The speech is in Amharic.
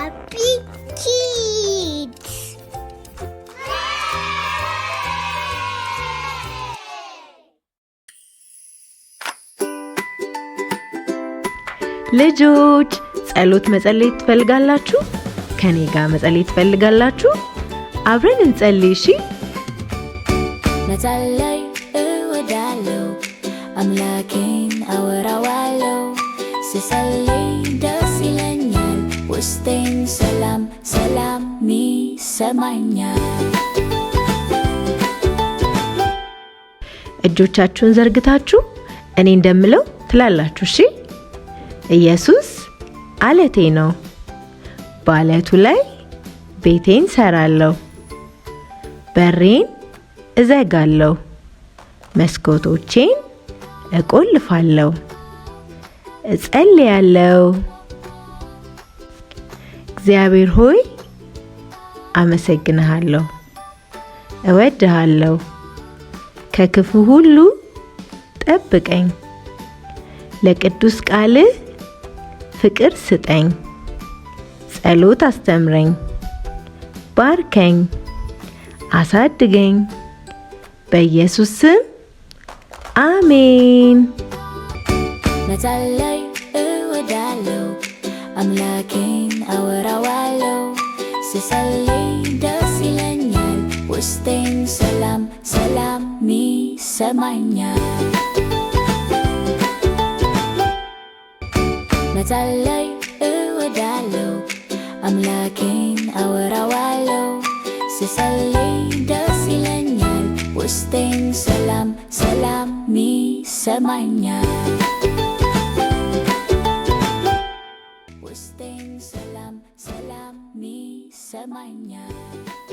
Happy Kids! ልጆች ጸሎት መጸለይ ትፈልጋላችሁ? ከኔ ጋር መጸለይ ትፈልጋላችሁ? አብረን እንጸልይ። እሺ፣ መጸለይ እወዳለሁ፣ አምላኬን አወራዋለሁ ልቤን ሰላም ሰላም ይሰማኛል። እጆቻችሁን ዘርግታችሁ እኔ እንደምለው ትላላችሁ። እሺ፣ ኢየሱስ አለቴ ነው፣ በአለቱ ላይ ቤቴን ሰራለሁ፣ በሬን እዘጋለሁ፣ መስኮቶቼን እቆልፋለሁ፣ እጸልያለሁ። እግዚአብሔር ሆይ አመሰግንሃለሁ፣ እወድሃለሁ። ከክፉ ሁሉ ጠብቀኝ፣ ለቅዱስ ቃልህ ፍቅር ስጠኝ፣ ጸሎት አስተምረኝ፣ ባርከኝ፣ አሳድገኝ። በኢየሱስ ስም አሜን። መጸለይ እወዳለሁ Ang laging awar-awalo Sa salay daw sila niyan Pusting salam, salami sa manya Natalay uwadalo Ang laging awar-awalo Sa salay daw sila niyan Pusting salam, salami sa manya Testing salam mi samanya. manya